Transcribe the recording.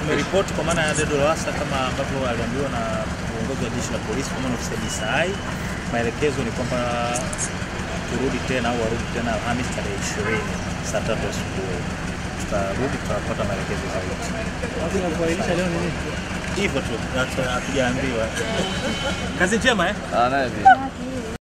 tumeripoti kwa maana ya Dedo Lowassa kama ambavyo aliambiwa na uongozi wa jeshi la polisi kwa maana ofisa DCI, maelekezo ni kwamba turudi tena au warudi tena Alhamisi tarehe 20 saa tatu asubuhi tutarudi, tutapata maelekezo zaidi. Hivyo tu hatujaambiwa. Kazi njema eh? Ah, naye